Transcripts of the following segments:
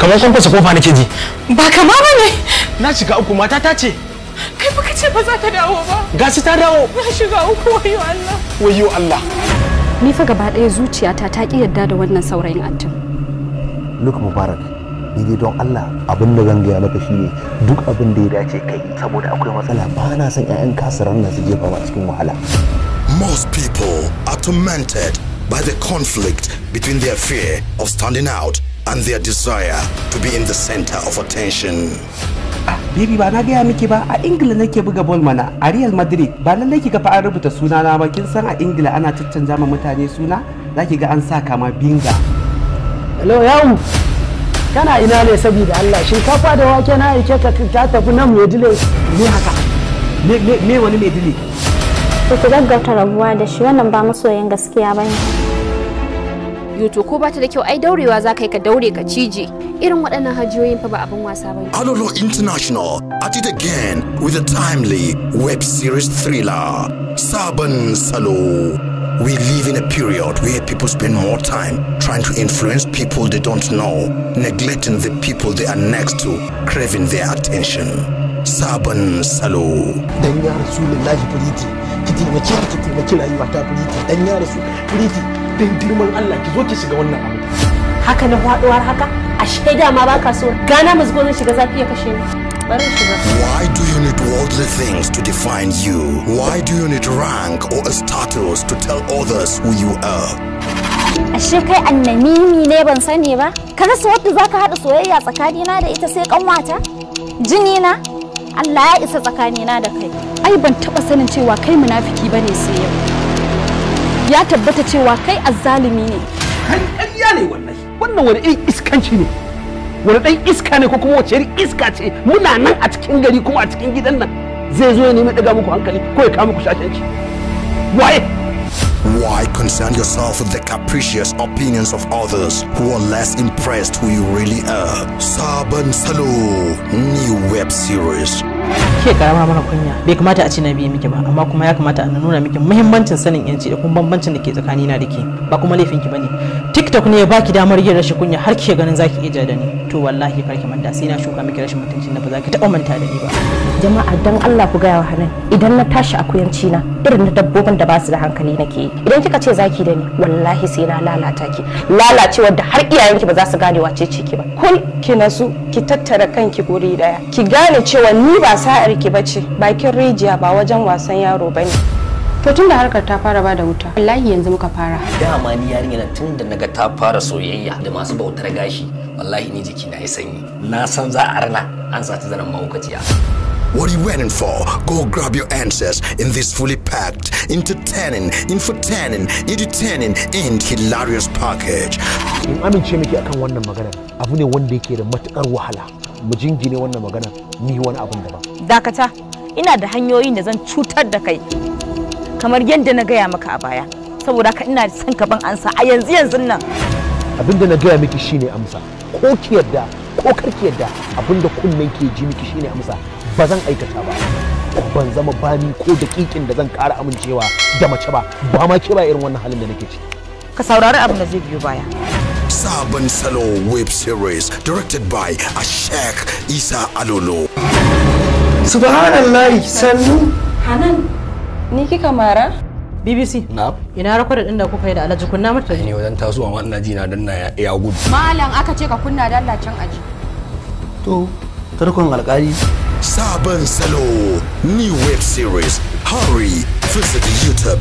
kamar kun kusa kofa nake ji ba kama bane na shiga uku mata ta ce kai baka ce ba za ta dawo ba gashi ta dawo na shiga uku wayo Allah wayo Allah ni fa gaba ɗaya zuciyata ta ki yarda da wannan saurayin antin Luka Mubarak ni dai don Allah abin da zan gaya maka shine duk abin da ya dace kai saboda akwai matsala ba na son ƴaƴan kasaran nan su jefa ma cikin wahala Most people are tormented by the conflict between their fear of standing out and their desire to be in the center of attention. Baby ba na gaya miki ba a Ingila nake buga bol mana a Real Madrid ba lallai kika fa an rubuta suna na ba kin san a Ingila ana caccanza ma mutane suna zaki ga an sa kama binga. Hello yau kana ina ne saboda Allah shinkafa da wake na aike ka ta tafi nan mai dile ne haka me wani mai dile. Ku gaggauta rabuwa da shi wannan ba masoyin gaskiya bane. yuto ko bata da kyau ai daurewa za ka yi ka daure ka cije irin waɗannan hajiyoyin fa ba abin wasa ba ne. Alolo International at it again with a timely web series thriller Sabon Salo. We live in a period where people spend more time trying to influence people they don't know, neglecting the people they are next to, craving their attention. Sabon Salo. Dan ya Rasulullahi Firiti, ki taimake ki taimaki rayuwa ta Firiti, dan ya Rasulullahi Firiti. dan girman Allah ki zo ki shiga wannan abu haka na faduwar haka a shaida ma baka so gana musgunin shiga zafi ya kashe ni why do you need worldly things to define you why do you need rank or a status to tell others who you are ashe kai annamimi ne ban sani ba ka rasa wadda zaka hada soyayya tsakanina da ita sai kanwata jini na Allah ya isa tsakanina da kai ai ban taba sanin cewa kai munafiki bane sai yau ya tabbata cewa kai azzalumi ne kan ƙarya ne wallahi wannan wani irin iskanci ne wani ɗan iska ne ko kuma wace iska ce muna nan a cikin gari kuma a cikin gidan nan zai zo ya nemi ɗaga muku hankali ko ya kawo muku shashanci waye Why concern yourself with the capricious opinions of others who are less impressed who you really are? Saban Salo, new web series. ke karama mana kunya bai kamata a ce na biye miki ba amma kuma ya kamata a nuna miki muhimmancin sanin yanci da kuma bambancin da ke tsakani na da ke ba kuma laifin ki bane tiktok ne ya baki damar yin rashin kunya har kika ganin zaki iya da ni to wallahi kar ki manta sai na shuka miki rashin mutuncin da ba za ki taɓa manta da ni ba jama'a dan Allah ku gaya wa hanan idan na tashi akuyanci na irin na dabbobin da ba su da hankali nake yi idan kika ce zaki da ni wallahi sai na lalata ki lalacewar da har iyayenki ba za su gane wace ce ki ba kul ki nasu ki tattara kanki guri daya ki gane cewa ni ba ba sa'ar ki bace bakin rijiya ba wajen wasan yaro bane to tun da harkar ta fara ba da wuta wallahi yanzu muka fara dama ni yarinya nan tun da naga ta fara soyayya da masu bautar gashi wallahi ni jiki na yi sanyi na san za a rana an sati zanen mahaukaciya What are you waiting for? Go grab your answers in this fully packed, entertaining, infotainment, entertaining, and hilarious package. In amince miki akan wannan magana abu ne wanda yake da matukar wahala. Mu jingine wannan magana mu yi wani abin daban. dakata ina da hanyoyin da zan cutar da kai kamar yadda na gaya maka a baya saboda ka ina son ka ban ansa a yanzu yanzu nan abin da na gaya miki shine amsa ko ki yadda ko kar ki yadda abin da kunnen ke ji miki shine amsa ba zan aikata ba ban zama bani ko dakikin da zan kara amincewa da mace ba ba ma ke ba irin wannan halin da nake ciki ka saurari abin da zai biyo baya Sabon Salo web series directed by Ashek Isa Alolo. subhanallah sannu hanan ni kika mara BBC. na Ina rakwada din da kuka yi da Alhaji kunna mata. Ni wajen tasowa ma ina ji na danna ya gudu. Malam aka ce ka kunna dalla can aji. To, tarkon alƙali. Sabon salo, new web series, hurry, visit YouTube.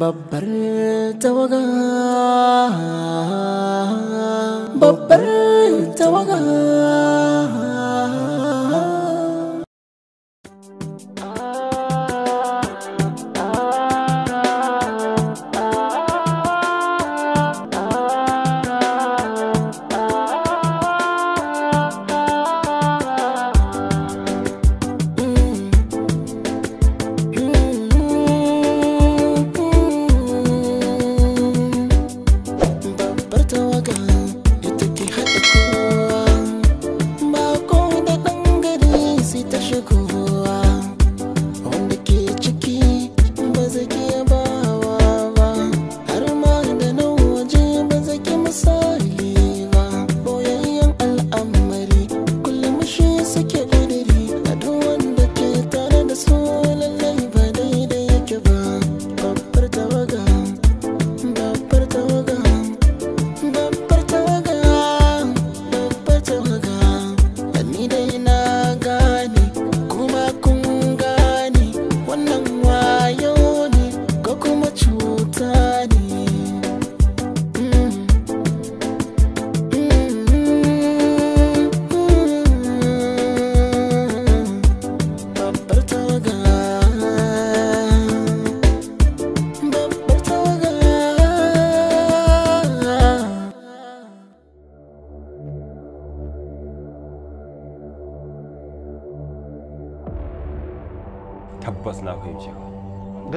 babbar tawaga babbar tawaga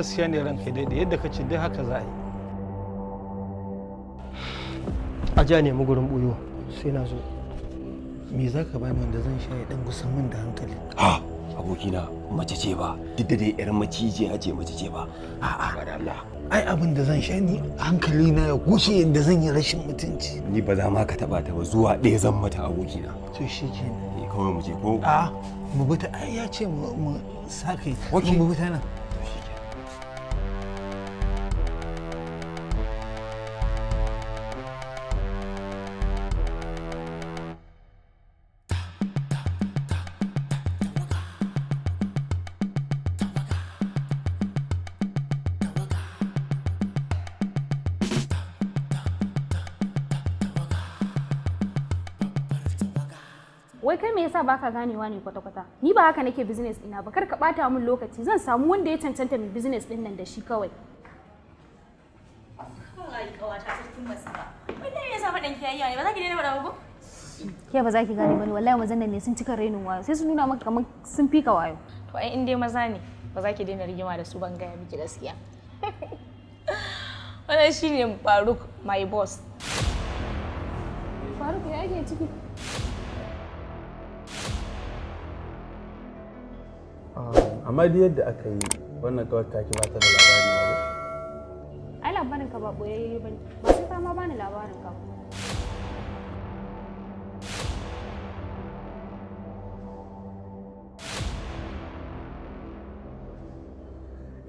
gaskiya ne ranka daidai yadda ka ce dai haka za a yi a ja nemi gurin buyo sai na zo me za ka bani wanda zan sha ya dan gusan min da hankali ha abokina mace ce ba duk da dai yar macijiya ce mace ce ba a'a ba da Allah ai abin da zan sha ni hankali na ya gushe yadda zan yi rashin mutunci ni ba za ma ka taba ta ba zuwa ɗaya zan mata abokina to shi ke eh, kawai mu je ko a mu bi ta ai ya ce mu mu sa kai mu bi ta nan yasa baka ganewa ne kwata-kwata ni ba haka nake business ina ba kar ka bata min lokaci zan samu wanda ya cancanta mai business din nan da shi kawai ke ba za ki gane ba ne wallahi mazan nan ne sun cika rainin wayo sai sun nuna maka kamar sun fika wayo to ai in dai maza ne ba za ki daina rigima da su ban gaya miki gaskiya wannan shine faruk my boss faruk ya ake ciki amma dai yadda aka yi wannan kawai ta ki ta da labari ba ai labarin ka ba boye bane ba sai ka ma bani labarin ka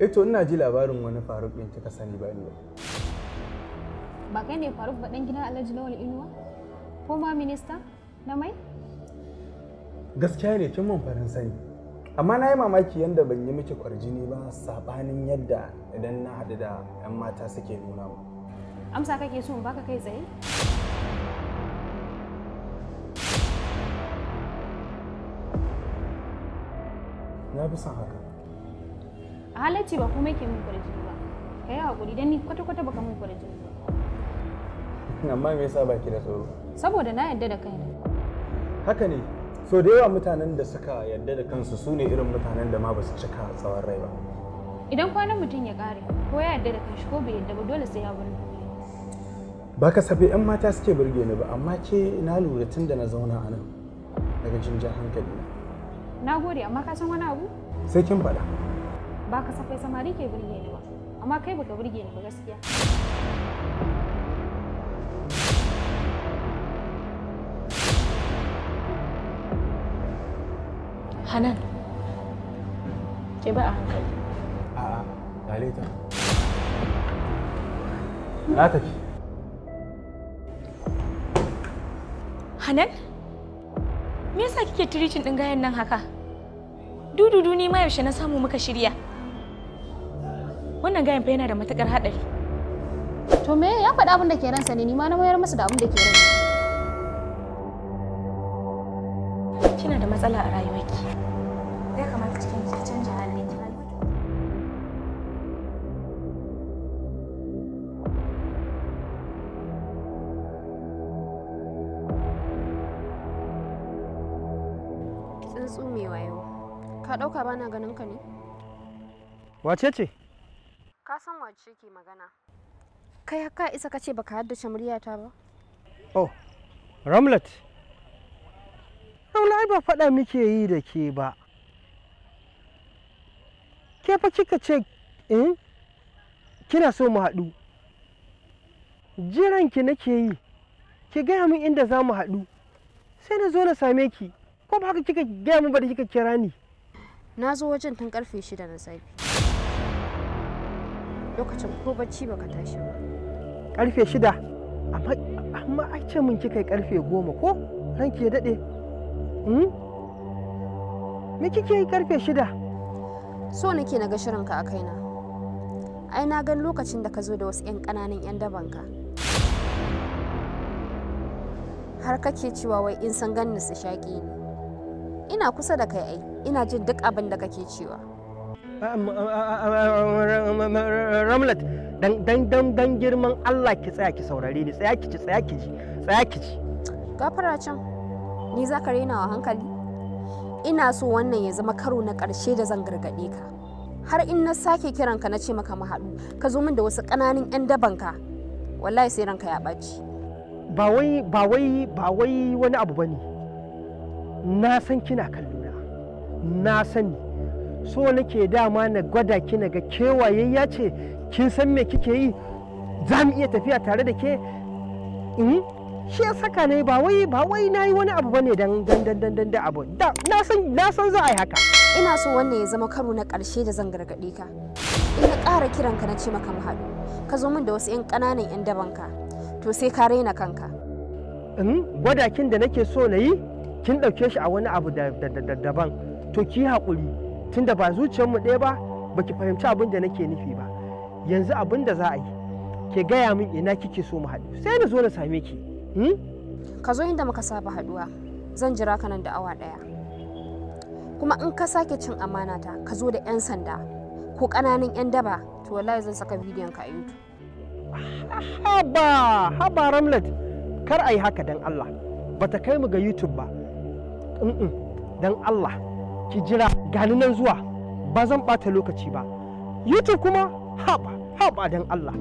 Eto eh ina ji labarin wani faruk ɗin kika sani ba ni ba. Ba kai ne faruk ba ɗan gidan Alhaji Lawal Inuwa? Ko ma minista na mai? Gaskiya ne kin mun farin sani. amma na yi mamaki yadda ban yi miki kwarjini ba sabanin yadda idan na haɗu da 'yan mata suke nuna ba amsa kake so baka kai tsaye na fi son haka a halarci ba kuma yake min kwarjini ba ka yi haƙuri don ni kwata-kwata baka min kwarjini ba amma me yasa baki da tsoro saboda na yadda da kaina haka ne so da yawa mutanen da suka yarda da kansu su ne irin mutanen da ma ba su cika tsawon rai ba idan kwanan mutum ya kare ko ya yarda da kanshi ko bai yarda ba dole sai ya burge ba ka sabi yan mata suke burge ni ba amma ke na lura tun da na zauna a nan daga jinjin hankali na gode amma ka san wani abu sai kin faɗa ba ka safai samari ke burge ni ba amma kai baka burge ni ba gaskiya Hanan, dah Hanan? Me yasa kike tiricin din gayan nan haka? Dududu ni ma yaushe na samu muka shirya. Wannan gayan fa yana da matukar haɗari. To me ya faɗa abin da ke ransa ne ni ma na mayar masa da abin da ke ransa. Kina da matsala a rayuwarki. ta Tsuntsu mai wayo, ka ɗauka bana ganin ka ne? Wace ce? Ka san wace ke magana. Kai haka isa ka ce baka haddace muryata ba? Oh, Ramlet. Ramlet ai ba faɗa muke yi da ke ba. ke fa kika ce eh kina so mu haɗu jiran ki nake yi ki gaya min inda za mu haɗu sai na zo na same ki ko ba haka kika gaya min ba da kika kira ni na zo wajen tun karfe shida na safe lokacin ko bacci baka tashi ba karfe shida amma ai ce min kika yi karfe goma ko ranki ya daɗe hmm? me kike yi karfe shida so nake na ga shirinka a kaina ai na gan lokacin da ka zo da wasu 'yan kananan 'yan dabanka har kake cewa wai in san ganin su shaƙi ne ina kusa da kai ai ina jin duk abin da kake cewa ramlat dan dan dan girman Allah ki tsaya ki saurare ni tsaya ki ci tsaya ki ji tsaya ki ji gafara can ni za ka raina wa hankali ina so wannan ya zama karo na ƙarshe da zan gargaɗe ka har in na sake kiran ka na ce maka mu haɗu ka zo min da wasu ƙananan 'yan dabanka wallahi sai ranka ya ɓaci ba wai ba wai ba wai wani abu bane na san kina kallona na sani so nake dama na gwada ki na ga ya ce kin san me kike yi za mu iya tafiya tare da ke hmm? shi ya saka ne ba wai ba wai nayi wani abu bane dan dan dan dan dan da na san na san za a yi haka ina so wannan ya zama karo na karshe da zan gargade ka in ka ƙara kiran ka na ce maka mu haɗu ka zo min da wasu 'yan ƙananan 'yan daban to sai ka raina kanka in gwadakin da nake so na yi kin ɗauke shi a wani abu daban to ki haƙuri tunda ba zuciyarmu ɗaya ba baki fahimci abin da nake nufi ba yanzu abin da za a yi ke gaya min ina kike so mu haɗu sai na zo na same ki Hmm? ka zo inda muka saba haduwa zan jira ka nan da awa daya kuma in ka sake cin amana ta ka zo da 'yan sanda ko kananan 'yan daba to wallahi zan saka bidiyon ka a youtube haba haba ramlet kar a yi haka dan allah ba ta kai mu ga youtube ba dan allah ki jira gani nan zuwa ba zan bata lokaci ba youtube kuma haba haba dan allah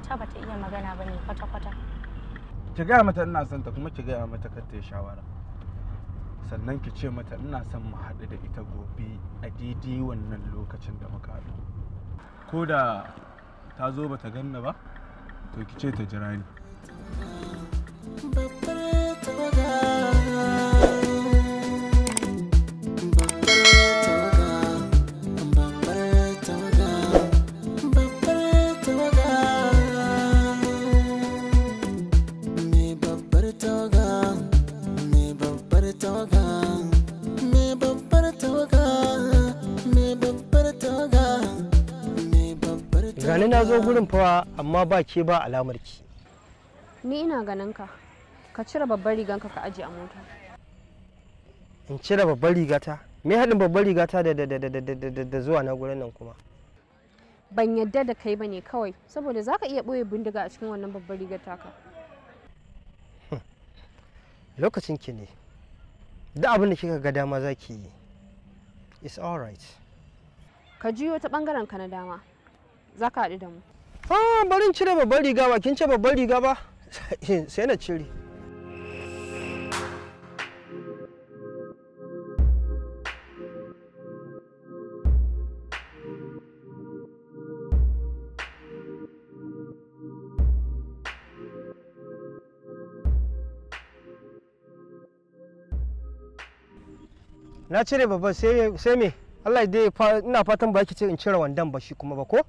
ƙawata bata iya magana ba ne kwata-kwata ki gaya mata ina son ta kuma ki gaya mata kar ta yi shawara sannan ki ce mata ina son mu haɗu da ita gobe a daidai wannan lokacin da muka haɗu ko da ta zo bata ganna ba to ki ce ta jira ni gani na zo gurin fawa amma ba ke ba alamar ki ni ina ganin ka ka cire babbar riganka ka aje a mota in cire babbar rigata me haɗin babbar rigata da da da da zuwa na gurin nan kuma ban yadda da kai ba ne kawai saboda zaka iya ɓoye bindiga a cikin wannan babbar rigata ka hmm. lokacin ki ne da abin da kika ga dama zaki yi it's alright ka jiyo ta bangaren ka na dama za ka haɗu da mu ah barin cire babban riga ba kin ce babban riga ba sai na cire na cire babban sai me Allah dai ina fatan ba ki ce in cire wandan ba shi kuma ba ko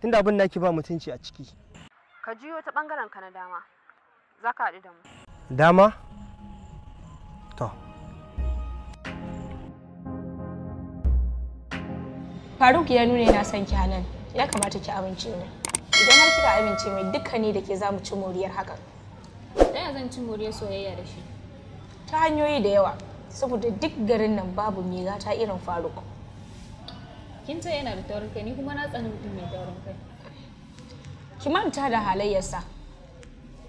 tunda abin naki ba mutunci a ciki ka juyo ta bangaren ka na dama za ka haɗu da mu dama to faruk ya nuna yana son ki ya kamata ki amince ni idan har kika amince mai ne da ke za mu ci moriyar hakan ya zan ci moriyar soyayya da shi ta hanyoyi da yawa saboda duk garin nan babu mai gata irin faruk kin ce yana da taurin kai ni kuma na tsani mutum mai taurin kai ki manta da halayyarsa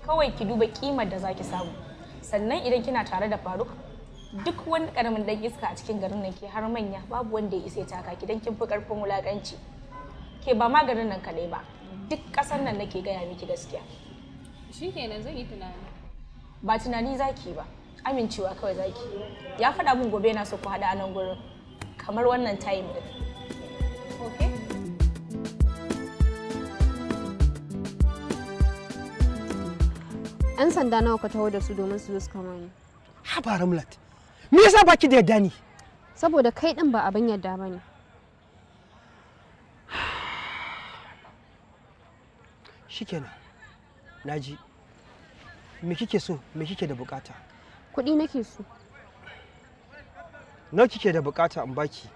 kawai ki duba kimar da zaki samu sannan idan kina tare da faruk duk wani karamin dan iska a cikin garin nan ke har manya babu wanda ya isa taka ki dan kin fi karfin wulakanci ke ba ma garin nan kadai ba duk kasar nan nake gaya miki gaskiya shikenan zan yi tunani ba tunani zaki ba amincewa kawai zaki ya faɗa min gobe na so ku hada a nan gurin kamar wannan time din 'yan sanda nawa ka taho da su domin su zo su kama ni ramlat me yasa baki da yadda ni saboda kai din ba abin yadda ba ne shikenan naji me kike so me kike da bukata kuɗi nake so na kike da bukata in baki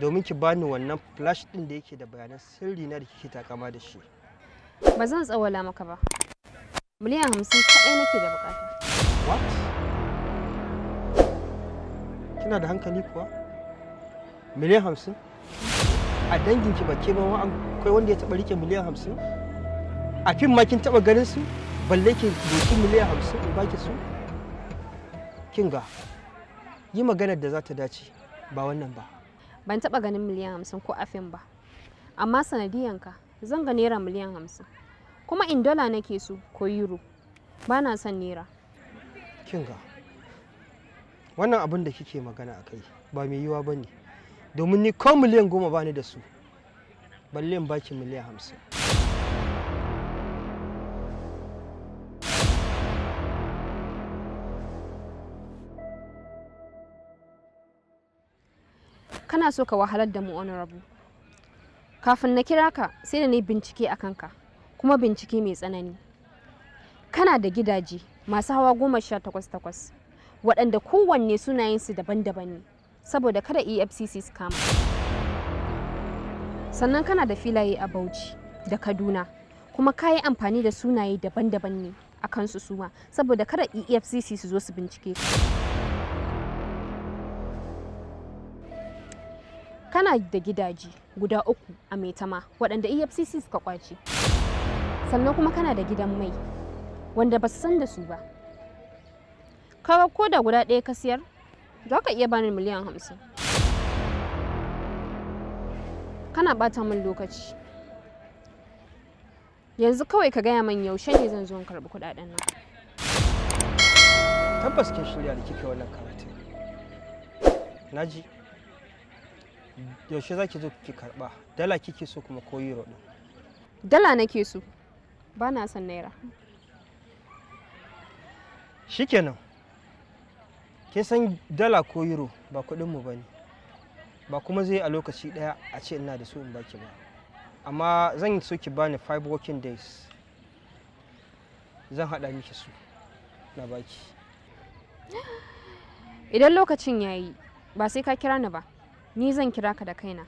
domin ki bani wannan flash din da yake da bayanan sirri na da kike takama da shi ba zan tsawala maka ba miliyan hamsin kaɗai nake da bukata what kina da hankali kuwa miliyan hamsin a danginki ba ke ba akwai wanda ya taɓa rike miliyan hamsin a fim ma kin taɓa ganin su balle ki doki miliyan hamsin in baki su kin ga yi maganar da za ta dace ba wannan ba ban taɓa ganin miliyan hamsin ko a fim ba amma sanadiyanka zan ga naira miliyan hamsin kuma in dola nake so ko euro ba na son naira kinga wannan abin da kike magana a kai ba mai yiwa ba ne domin ni ko miliyan goma ba ni da su balle in baki miliyan hamsin kana so ka wahalar da mu honorable kafin na kira ka sai da ni bincike a kanka kuma bincike mai tsanani kana da gidaje masu hawa goma sha takwas takwas waɗanda kowanne sunayensu daban-daban ne saboda kada efcc su kama sannan kana da filaye a bauchi da kaduna kuma ka yi amfani da sunaye daban-daban ne a kansu suma saboda kada efcc su zo su bincike kana da gidaje guda uku a maitama waɗanda efcc suka kwace sannan kuma kana da gidan mai wanda ba su san da su ba kawo ko da guda ɗaya ka siyar za ka iya bani miliyan hamsin kana ɓata min lokaci yanzu kawai ka gaya min yaushe ne zan zo karɓi kuɗaɗen nan tabbas kin shirya da kika wannan karatu naji yaushe za ki zo ki karɓa dala kike so kuma ko euro ɗin dala nake so bana son naira shikenan ke san dala ko euro ba kudin ba ne ba kuma zai a lokaci ɗaya a ce ina da su in baki ba amma zan yi so ki bani five working days zan haɗa miki su na baki idan lokacin ya yi ba sai ka kira ni ba ni zan kira ka da kaina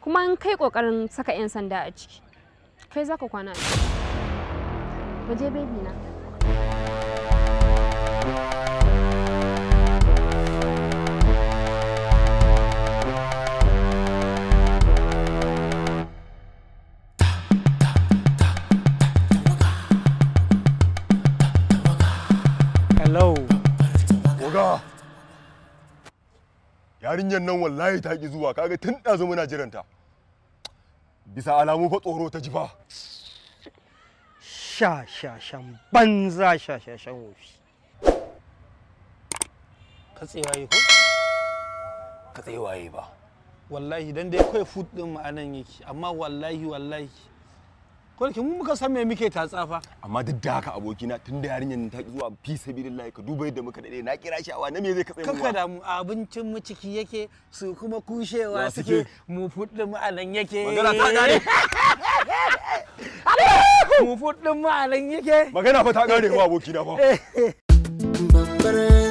kuma in kai kokarin saka 'yan sanda a ciki kai za ka kwana a ciki mu je baby na Oga. nan wallahi ta ki zuwa kaga tun ɗazu muna jiranta. Bisa alamu fa tsoro ta ji shashashan banza shashashan wofi katsewa yi ko? katsewa yi ba wallahi dan dai kawai food din ma'anan yake amma wallahi wallahi Ko kwarki mun muka san me muke ta tsafa? amma duk da haka abokina tun da yarinyar ta zuwa fi sabilillahi ka duba yadda muka dade na kira shi awa na me zai katse mu kaka da mu abincin mu ciki yake su kuma kushewa suke mu food din ma'anan yake magana ta gane mufut din ma a yake magana fa ta kare wa abokina fa eh. babbar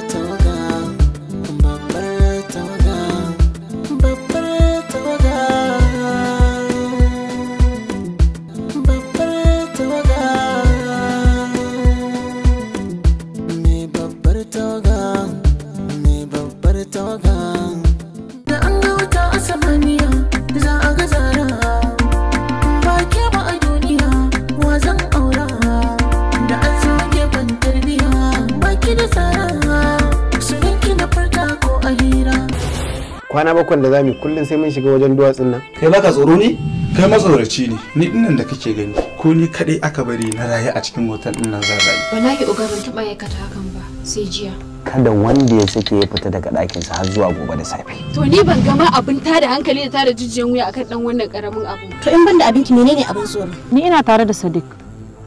kwana bakwai da zamu kullum sai mun shiga wajen duwatsun nan kai baka tsoro ne kai matsoraci ne ni dinnan da kake gani ko ni kadai aka bari na raye a cikin hotel din nan zan rayu wallahi uga ban taba aikata hakan ba sai jiya kada wanda ya sake ya fita daga sa har zuwa gobe da safe. To ni ban gama abin tada hankali da tada jijiyan wuya akan dan wannan karamin abu. To in ban da abinki menene abin tsoro? Ni ina tare da Sadiq.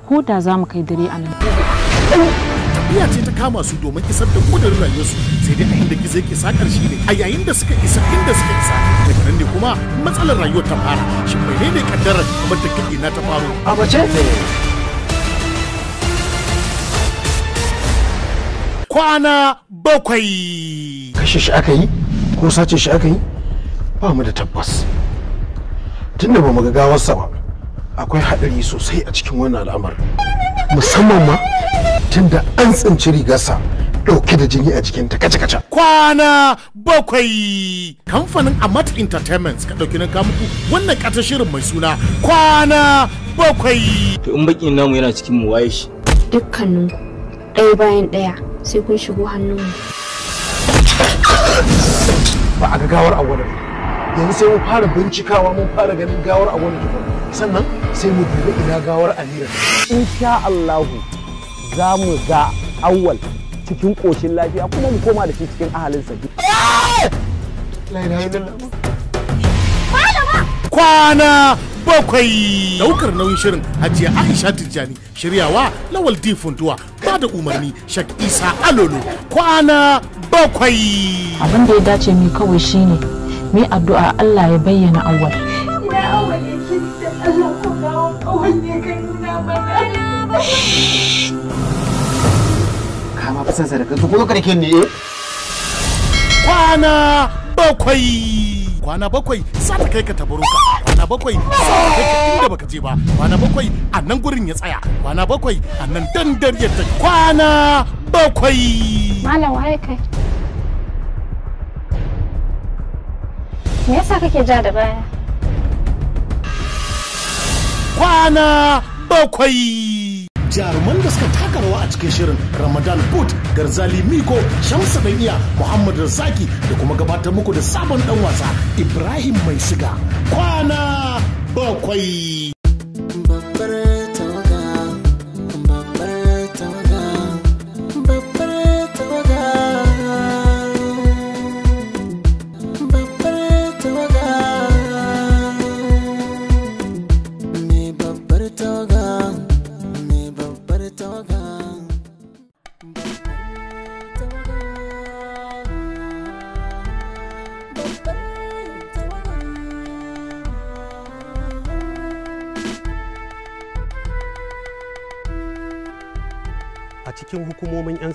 Ko da za mu kai dare a nan. Gajiya ce ta kama su domin isar da kudin rayuwarsu sai dai a inda gizo ke sa ƙarshe ne a yayin da suka isa inda suka isa daga nan ne kuma matsalar rayuwar ta fara shin menene kaddarar kamar ta kai na ta faro. A mace? kwana bakwai. Kashe shi aka yi ko sace shi aka yi ba mu da tabbas. Tunda ba mu ga gawarsa ba akwai haɗari sosai a cikin wannan al'amar musamman ma tunda an tsinci rigarsa ɗauke da jini a jikin ta kaca kaca kwana bakwai kamfanin amat entertainment ka ɗauki nan muku wannan ƙata shirin mai suna kwana bakwai to in bakin namu yana cikin mu waye shi dukkanin ɗaya bayan ɗaya sai kun shigo hannun mu ba a ga gawar a wani yanzu sai mun fara bincikawa mun fara ganin gawar a wani tukun sannan sai mu dubi ina gawar Amira. Insha Allahu za mu ga awwal cikin koshin lafiya kuma mu koma da shi cikin ahalin sa Kwana bakwai! Daukar nauyin shirin Hajiya Aisha Tijjani shiryawa Lawal D funduwa ba da umarni Shak Isa Alolo kwana bakwai! Abin da ya dace mu kawai shine mu addu'a Allah ya bayyana awwal. kawai ne ka nuna mana kama fi san sadaka ko karken ne kwana bakwai kwana bakwai sata kai ka tabaruka kwana bakwai sata kai ka inda baka je ba kwana bakwai a nan gurin ya tsaya kwana bakwai a nan dandar ya kwana bakwai malam waye kai me yasa kake ja da baya kwana bakwai jaruman da suka taka rawa a cikin shirin ramadan boot garzali miko shamsa dan Muhammadu Zaki da kuma gabatar muku da sabon dan wasa ibrahim mai siga kwana bakwai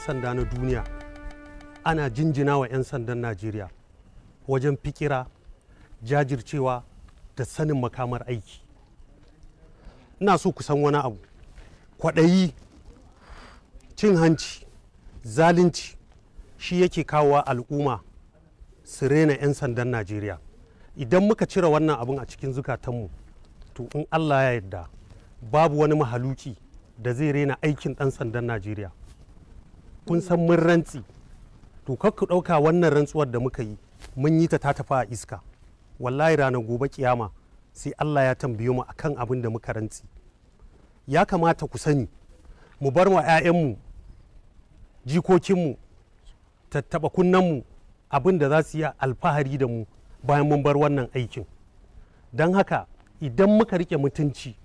sanda na duniya ana jinjina wa 'yan sandan najeriya wajen fikira jajircewa da sanin makamar aiki ina so ku san wani abu kwaɗayi cin hanci zalunci shi yake kawowa al'umma su rena 'yan sandan najeriya idan muka cire wannan abin a cikin zukatanmu to in allah ya yarda babu wani mahaluki da zai rena aikin ɗan sandan najeriya kun san mun rantsi to kar ku ɗauka wannan rantsuwar da muka yi mun yi ta ta tafa a iska wallahi ranar gobe kiyama sai Allah ya tambaye mu akan abin da muka rantsi ya kamata ku sani mu bar wa 'ya'yanmu jikokinmu tattaba kunnenmu abin da za su yi alfahari da mu bayan mun bar wannan aikin don haka idan muka rike mutunci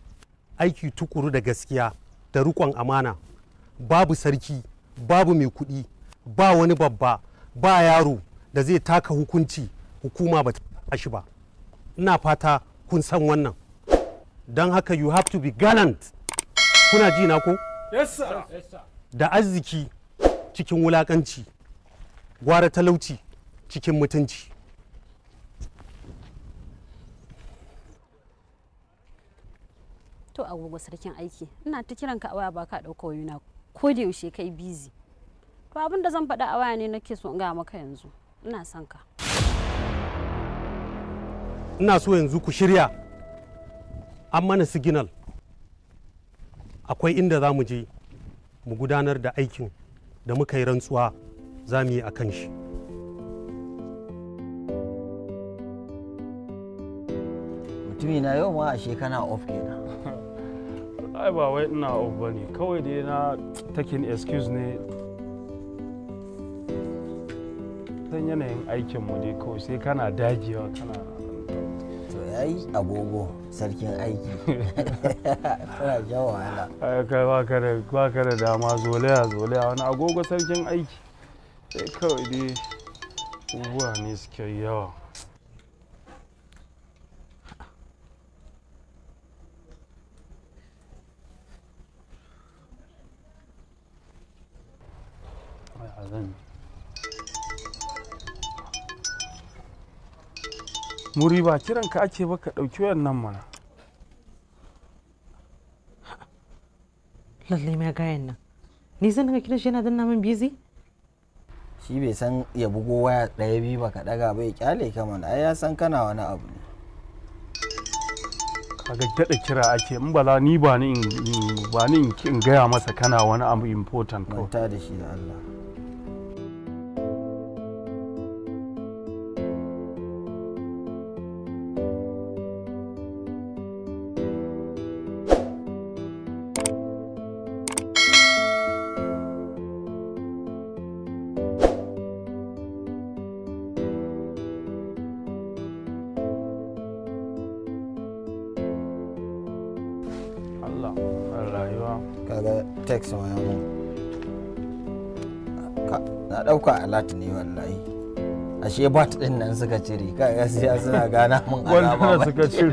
aiki tukuru da gaskiya da riƙon amana babu sarki babu mai kuɗi ba wani babba ba yaro da zai taka hukunci hukuma ba ta shi ba ina fata kun san wannan don haka you have to be gallant kuna ji na ko yes, sir da arziki cikin wulakanci gwara talauci cikin mutunci to agogo sarkin aiki ina ta kiranka a waya ba ka ɗauka wayuna ko da yaushe kai busy to abin da zan faɗa a waya ne nake so in ga maka yanzu ina son ka ina so yanzu ku shirya an mana signal akwai inda za mu je mu gudanar da aikin da muka yi rantsuwa za mu yi a kan shi mutumina yau ma a shekana off kenan ai ba wai ina off bane kawai dai na taking excuse ne san yanayin aikin mu dai kawai sai kana dagewa kana to yayi agogo sarkin aiki tana jawa wahala ai kai ka da ka da dama zolaya zolaya wani agogo sarkin aiki sai kawai dai abubuwa ne suke yawa muri ba kiranka ake ba ka ɗauki wayannan mana lalle mai gayan nan ni zan ga kiran shi yana danna min busy shi bai san ya bugo waya ɗaya biyu ba ka ɗaga ba ya kyale ka mana ai ya san kana wani abu ne kaga daɗa kira ake in bala ni ba ni in gaya masa kana wani abu important ko da shi da Allah text ma ya na dauka alat ne wallahi ashe bat din nan suka cire ka sai suna gana mun alama suka cire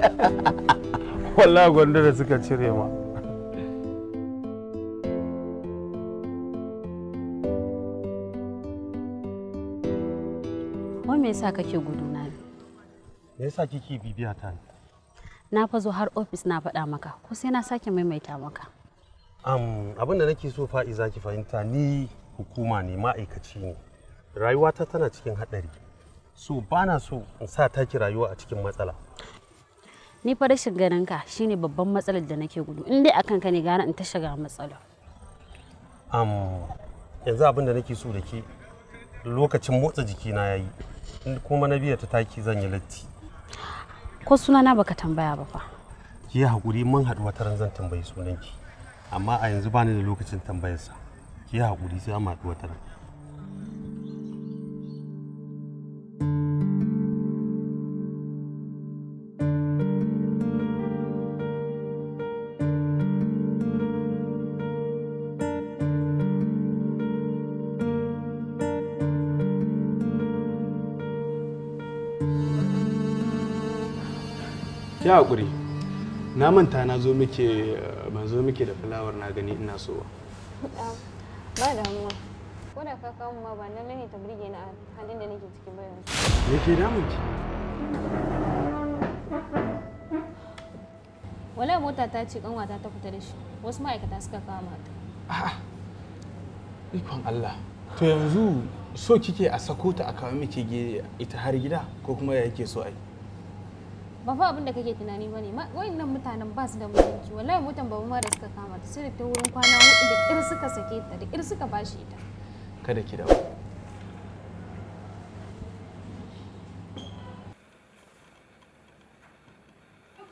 wallahi gwandara suka cire ma Wa me yasa kake gudu na bi? Me yasa kike bibiya ta? Na fazo har ofis na faɗa maka, ko sai na sake maimaita maka. um, abin da nake so fa'iza ki fahimta ni hukuma ne ma'aikaci ne rayuwata tana cikin haɗari so ba na so in sa taki rayuwa a cikin matsala ni fa rashin ganin ka shine babban matsalar da nake gudu in dai akan ka ne gara in ta shiga matsala um, yanzu abin da nake so da ke lokacin motsa jikina yayi kuma na biya ta taki zan yi latti ko sunana baka tambaya ba fa ki hakuri mun haɗu wata ran zan tambayi sunanki amma a yanzu bani da lokacin tambayarsa ki haƙuri sai amma wata rana ki haƙuri na manta na zo muke eh, ban zo muke da fulawar na gani ina so ba ah, damuwa ko da ka kawo ma ba nan ne ta burge ni a halin da nake ciki ba yanzu me ke damun ki wala mota ta ce kanwata ta fita da shi wasu ma'aikata suka kama ta a'a ikon Allah to yanzu so kike a sako ta a kawo miki ita har gida ko kuma ya yake so ai babba abin da kake tunani bane wayannan mutanen ba su da mutunci wallahi motan babu ma da suka kama ta sai ta wurin kwana hudu da kir suka sake ta da kir suka bashi ita kada ki dawo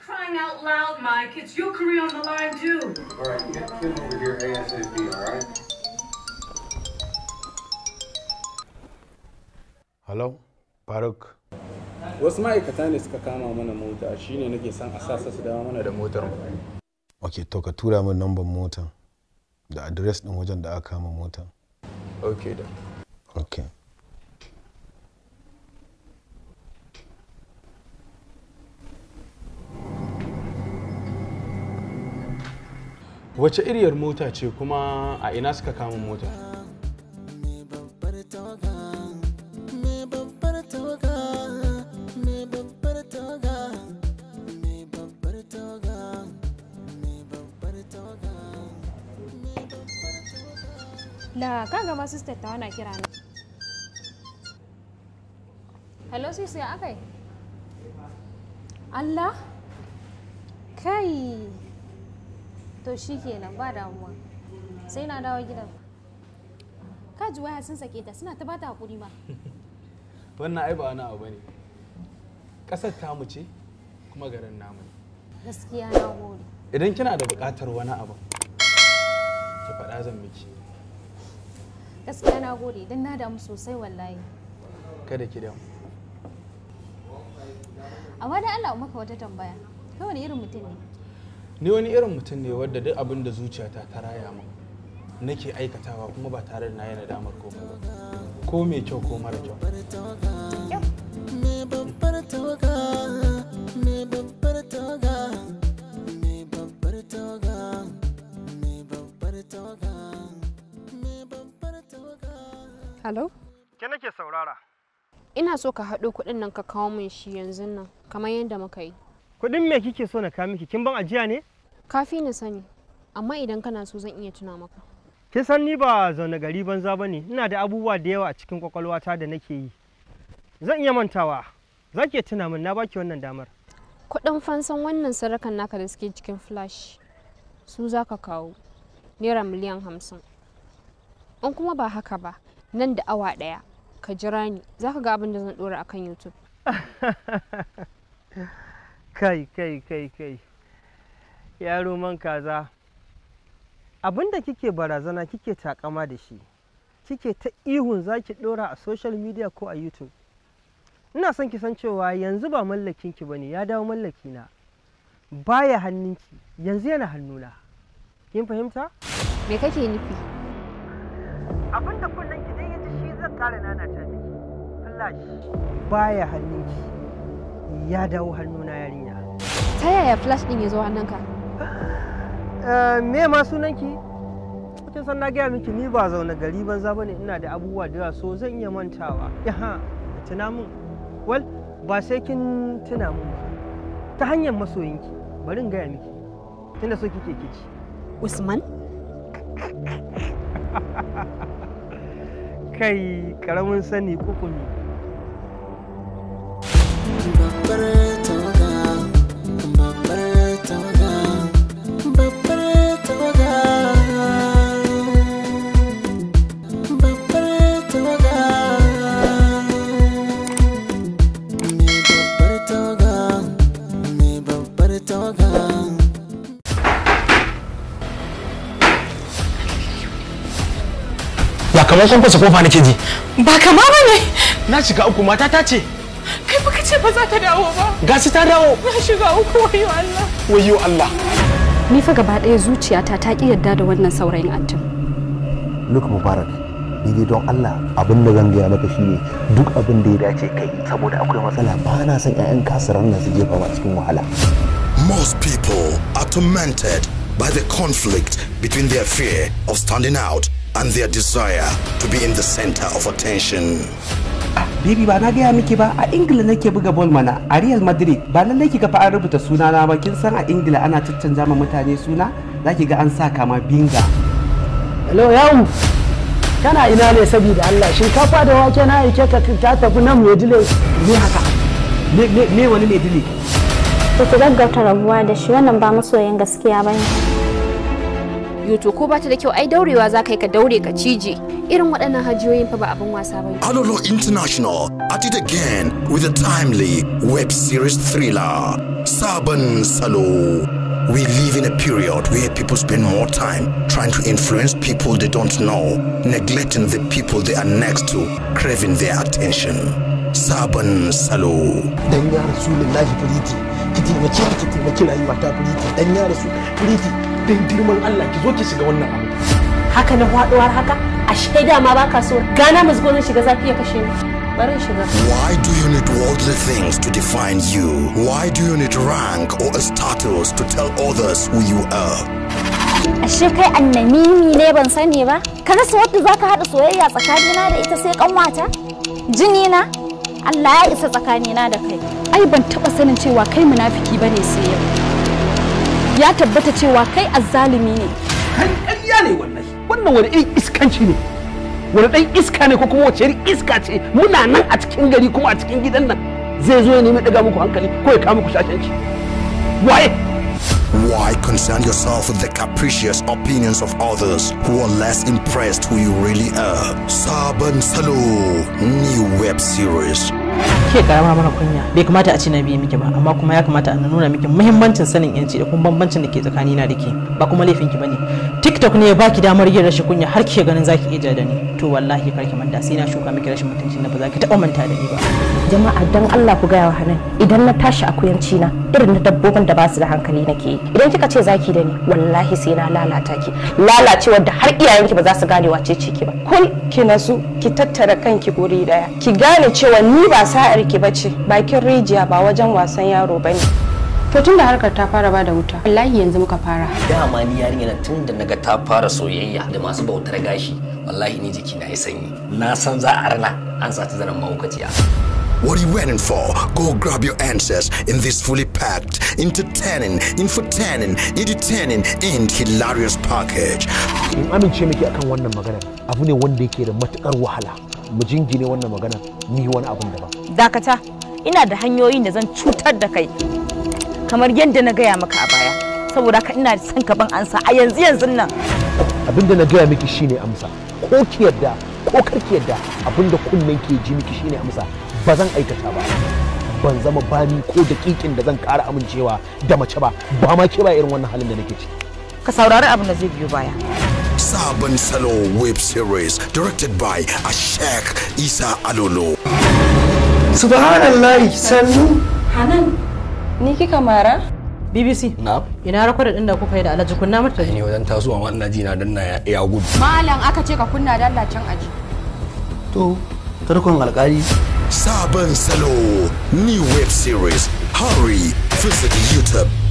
Crying out loud, Mike. It's your career on the line, too. All right, get Kim over here ASAP, all right? Hello, Farooq. wasu ma'aikata ne suka kama mana mota shine nake son a sa su dawo mana da motar mu ok to ka tura min lambar mota da adres din wajen da aka kama motan ok da ok wace iriyar mota ce kuma a ina suka kama mota ma ta kira ni hello sis ya akai Allah kai to shi kenan ba damuwa sai na dawo gidan ka ji waya sun sake ta suna ta bata hakuri ma wannan ai abu bane kasar tamu ce kuma garin namu gaskiya na idan kina da buƙatar wani abu ki faɗa zan miki gaskiya na gode idan na damu sosai wallahi kada ki damu a wani Allah maka wata tambaya kai wani irin mutum ne ni wani irin mutum ne wadda duk abin da zuciyata ta raya min nake aikatawa kuma ba tare da na yi nadamar ko ba ko mai kyau ko mara kyau Hello? Ke nake saurara. Ina so ka haɗo kuɗin nan ka kawo min shi yanzu nan kamar yadda muka yi. Kuɗin me kike so na kawo miki? Kin ban ajiya ne? Kafi ni sani, amma idan kana so zan iya tuna maka. Kin san ni ba zaune gari banza ba ina da abubuwa da yawa a cikin kwakwalwata da nake yi. Zan iya mantawa, za ki tuna min na baki wannan damar. Kuɗin fansan wannan sarakan naka da suke cikin flash, su za ka kawo, naira miliyan hamsin. In kuma ba haka ba, nan da awa ɗaya ka jira ni za ka ga abin da zan ɗora akan kan youtube kai kai kai kai yaro man kaza abin da kike barazana kike takama da shi kike ta ihun za ki ɗora a social media ko a youtube ina son ki san cewa yanzu ba mallakinki ba ne ya dawo mallaki na. baya hannunki yanzu yana hannuna kin fahimta me kake nufi abin da kullum ƙara nana ta miki flash baya hannunki ya dawo hannuna yarinya ta yaya flash din ya zo hannunka ah, me ma sunanki kin san na gaya miki ni ba zaune gari banza ba ne, ina da abubuwa da yawa so zan iya mantawa yaha tuna min wal ba sai kin tuna min ta hanyar masoyinki bari in gaya miki tunda so kike kici usman kai karamin sani kukumi. kamar kun kusa kofa nake ji ba kama ba ne na shiga uku mata ta ce kai baka ce ba za ta dawo ba su ta dawo na shiga uku wayo Allah wayo Allah ni fa gaba ɗaya zuciyata ta ki yarda da wannan saurayin antin Luka Mubarak ni dai don Allah abin da zan gaya maka shine duk abin da ya dace kai saboda akwai matsala ba na son ƴaƴan kasaran nan su jefa ma cikin wahala Most people are tormented by the conflict between their fear of standing out and their desire to be in the center of attention. Baby ba na gaya miki ba a Ingila nake buga bol mana a Real Madrid ba nan nake ga fa an rubuta suna na ba kin san a Ingila ana caccanza ma mutane suna zaki ga an sa kama binga. Hello yau kana ina ne saboda Allah shinkafa da wake na aike ka ta tafi nan Medile ni haka me wani Medile. Ku gaggauta rabuwa da shi wannan ba masoyin gaskiya bane. yoto ko bata da kyau ai daurewa za ka yi ka daure ka cije irin waɗannan hajiyoyin fa ba abin wasa ba Alolo International at it again with a timely web series thriller Sabon Salo We live in a period where people spend more time trying to influence people they don't know, neglecting the people they are next to, craving their attention. Sabon Salo. Dan ya Rasulullahi Firiti, ki taimake ki taimaki rayuwa ta Firiti, dan ya Rasulullahi Firiti. don girman Allah ki zo ki shiga wannan abu haka na faduwar haka a shaida ma baka so gana musgonin shiga zafi ya kashe ni shiga why do you need worldly things to define you why do you need rank or a status to tell others who you are ashe kai annamimi ne ban sani ba ka rasa wadda zaka hada soyayya tsakanina da ita sai kanwata jini na Allah ya isa tsakanina da kai ai ban taba sanin cewa kai munafiki bane sai yau ya tabbata cewa kai azzalumi ne kan ne wannan wannan wani irin iskanci ne wani ɗan iska ne ko kuma wace irin iska ce muna nan a cikin gari kuma a cikin gidan nan zai zo ya nemi ɗaga muku hankali ko ya kawo muku shashanci waye Why concern yourself with the capricious opinions of others who are less impressed who you really are? Sabon Salo new web series. Ke karama mana kunya bai kamata a ce na biye miki ba amma kuma ya kamata a nuna miki muhimmancin sanin yanci da kuma bambancin da ke tsakanina da ke ba kuma laifin laifinki bane. tiktok ne ya baki damar yin rashin kunya har ke ganin zaki iya da ni to wallahi kar ki manta sai na shuka miki rashin mutunci na ba za ki taɓa manta da ni ba jama'a dan Allah ku gaya wa hanan idan na tashi akuyanci na irin na dabbobin da ba su da hankali nake yi idan kika ce zaki da ni wallahi sai na lalata ki lalacewar da har iyayenki ba za su gane wace ce ki ba kun ki nasu ki tattara kanki guri daya ki gane cewa ni ba sa'ar ki bace bakin rijiya ba wajen wasan yaro bane to tun da harkar ta fara bada wuta wallahi yanzu muka fara dama ni yarinya tun da naga ta fara soyayya da masu bautar gashi wallahi ni jiki na yi sanyi na san za a rana an sati zanen mahaukaciya What are you waiting for? Go grab your answers in this fully packed, entertaining, infotainment, entertaining, and hilarious package. In amince miki akan wannan magana abu ne wanda yake da matukar wahala. Mu jingine wannan magana ni wani abun daban. Dakata, ina da hanyoyin da zan cutar da kai. kamar yadda na gaya maka a baya saboda ka ina son ka ban ansa a yanzu yanzu nan abinda na gaya miki shine amsa ko ki yadda ko kar ki yadda abinda kunnen ke ji miki shine amsa ba zan aikata ba ban zama bani ko daƙiƙin da zan kara amincewa da mace ba ba ma ke ba irin wannan halin da nake ciki ka saurari abin da zai biyo baya Sabon Salo web series directed by Ashek Isa Alolo. Subhanallah, sannu. Hanan. Ni kika mara? BBC. Na. Ina rakwada din da kuka yi da Alhaji kunna mata. Ni wajen tasowa wannan ina ji na danna ya ya gudu. Malam aka ce ka kunna dalla can aji. To, tarkon alƙali. Sabon salo, new web series, Hurry, visit YouTube.